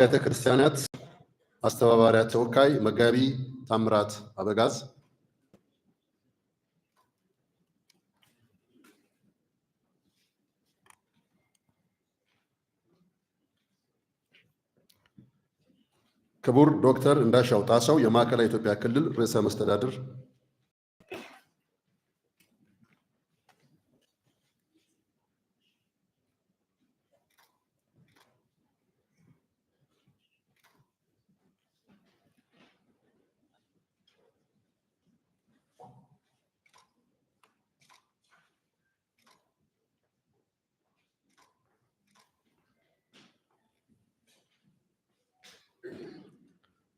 ቤተ ክርስቲያናት አስተባባሪያ ተወካይ መጋቢ ታምራት አበጋዝ ክቡር ዶክተር እንዳሻው ጣሰው የማዕከላዊ ኢትዮጵያ ክልል ርዕሰ መስተዳድር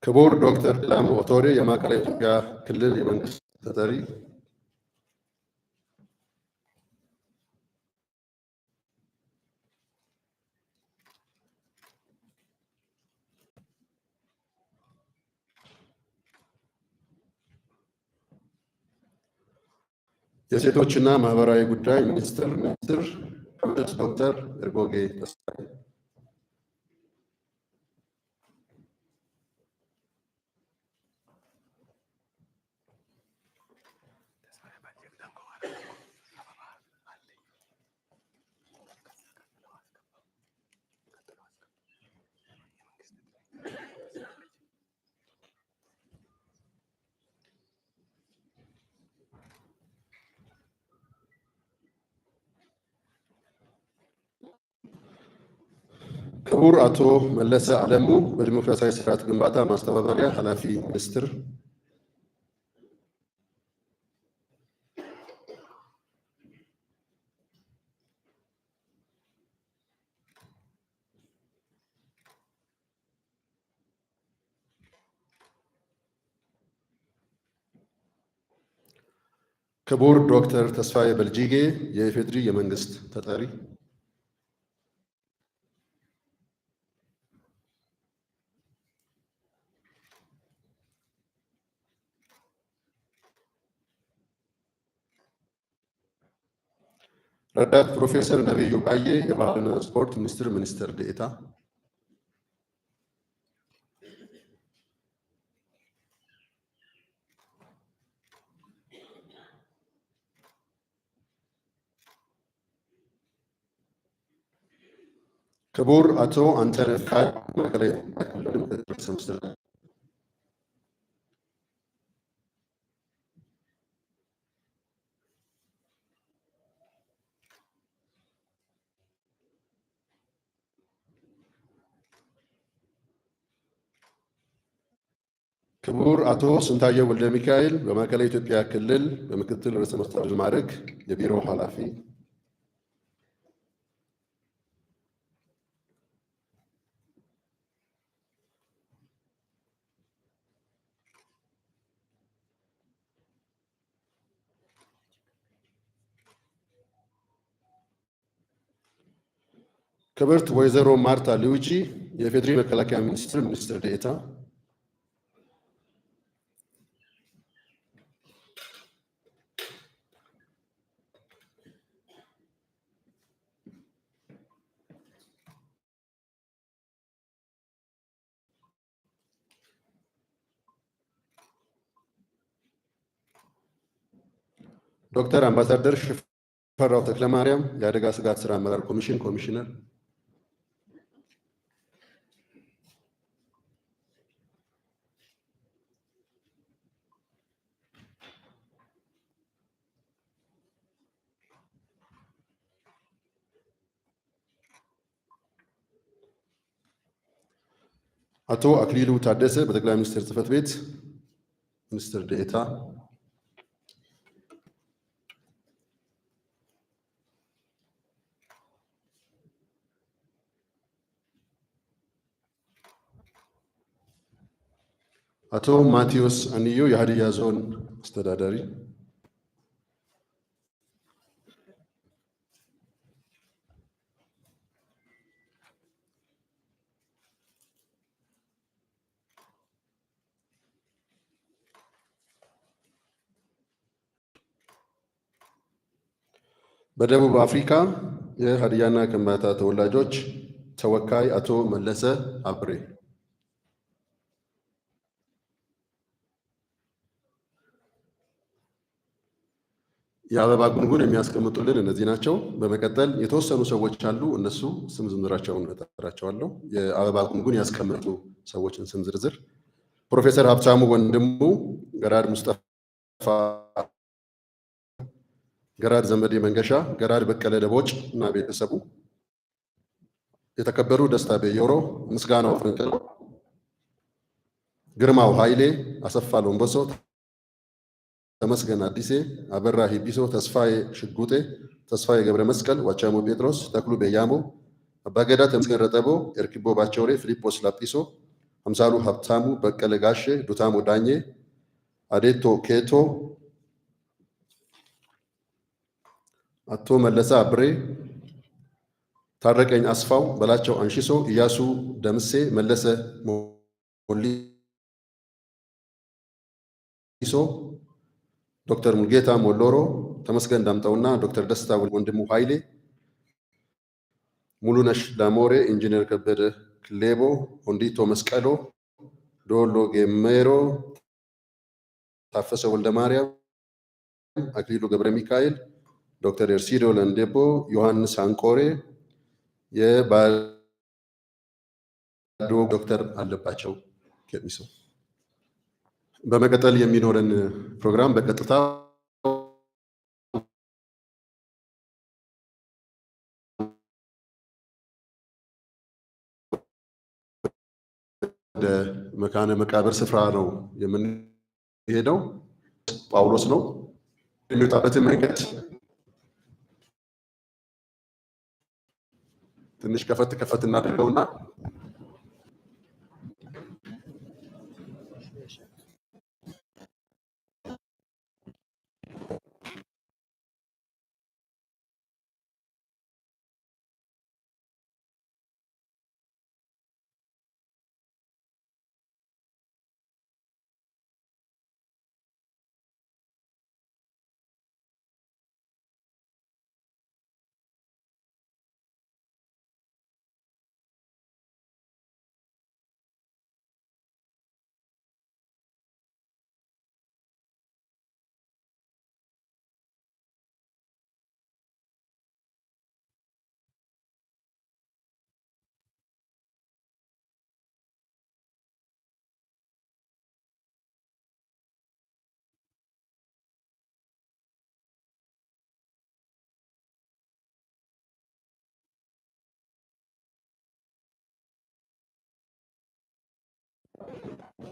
ክቡር ዶክተር ላም ኦቶሪ የማዕከላዊ ኢትዮጵያ ክልል የመንግስት ተጠሪ፣ የሴቶችና ማህበራዊ ጉዳይ ሚኒስትር ሚኒስትር ዶክተር እርጎጌ ተስፋዬ በኩር አቶ መለሰ አለሙ በዲሞክራሲያዊ ስርዓት ግንባታ ማስተባበሪያ ኃላፊ ሚኒስትር ክቡር ዶክተር ተስፋዬ በልጅጌ የኢፌድሪ የመንግስት ተጠሪ ረዳት ፕሮፌሰር ነቢዩ ቃዬ የባህልና ስፖርት ሚኒስትር ሚኒስትር ዴኤታ፣ ክቡር አቶ አንተነህ ካይ ማዕከላዊ ክልል ርዕሰ መስተዳድር ክቡር አቶ ስንታየው ወልደ ሚካኤል በማዕከላዊ ኢትዮጵያ ክልል በምክትል ርዕሰ መስተዳድር ማዕረግ የቢሮ ኃላፊ፣ ክብርት ወይዘሮ ማርታ ሊውጪ የፌዴሪ መከላከያ ሚኒስቴር ሚኒስትር ዴኤታ ዶክተር አምባሳደር ሽፈራው ተክለማርያም የአደጋ ስጋት ስራ አመራር ኮሚሽን ኮሚሽነር አቶ አክሊሉ ታደሰ በጠቅላይ ሚኒስትር ጽህፈት ቤት ሚኒስትር ዴኤታ አቶ ማቴዎስ አንዮ የሀዲያ ዞን አስተዳዳሪ በደቡብ አፍሪካ የሀዲያና ከምባታ ተወላጆች ተወካይ አቶ መለሰ አብሬ የአበባ ጉንጉን የሚያስቀምጡልን እነዚህ ናቸው። በመቀጠል የተወሰኑ ሰዎች አሉ። እነሱ ስም ዝርዝራቸውን እጠራቸዋለሁ። የአበባ ጉንጉን ያስቀምጡ ሰዎችን ስም ዝርዝር ፕሮፌሰር ሀብታሙ ወንድሙ፣ ገራድ ሙስጠፋ፣ ገራድ ዘመዴ መንገሻ፣ ገራድ በቀለ ደቦጭ እና ቤተሰቡ፣ የተከበሩ ደስታ ቤየሮ፣ ምስጋናው ፍንቅለው፣ ግርማው ኃይሌ፣ አሰፋ ሎንበሶ ተመስገን አዲሴ፣ አበራ ሂቢሶ፣ ተስፋዬ ሽጉጤ፣ ተስፋዬ ገብረ መስቀል፣ ዋቻሞ ጴጥሮስ፣ ተክሉ ቤያሞ፣ አባገዳ ተመስገን ረጠቦ፣ ኤርኪቦ ባቸውሬ፣ ፊሊጶስ ላጲሶ፣ አምሳሉ ሀብታሙ፣ በቀለ ጋሼ፣ ዱታሞ ዳኜ፣ አዴቶ ኬቶ፣ አቶ መለሰ አብሬ፣ ታረቀኝ አስፋው፣ በላቸው አንሺሶ፣ እያሱ ደምሴ፣ መለሰ ሞሊሶ ዶክተር ሙልጌታ ሞሎሮ፣ ተመስገን ዳምጠውና ዶክተር ደስታ ወንድሙ ኃይሌ፣ ሙሉነሽ ዳሞሬ፣ ኢንጂነር ከበደ ክሌቦ፣ ሆንዲቶ መስቀሎ፣ ዶሎ ጌሜሮ፣ ታፈሰ ወልደ ማርያም፣ አክሊሉ ገብረ ሚካኤል፣ ዶክተር ኤርሲዶ ለንዴቦ፣ ዮሐንስ አንቆሬ፣ የባዶ ዶክተር አለባቸው ኬሚሶ በመቀጠል የሚኖረን ፕሮግራም በቀጥታ ወደ መካነ መቃብር ስፍራ ነው የምንሄደው። ጳውሎስ ነው የሚወጣበትን መንገድ ትንሽ ከፈት ከፈት እናደርገውና Thank you.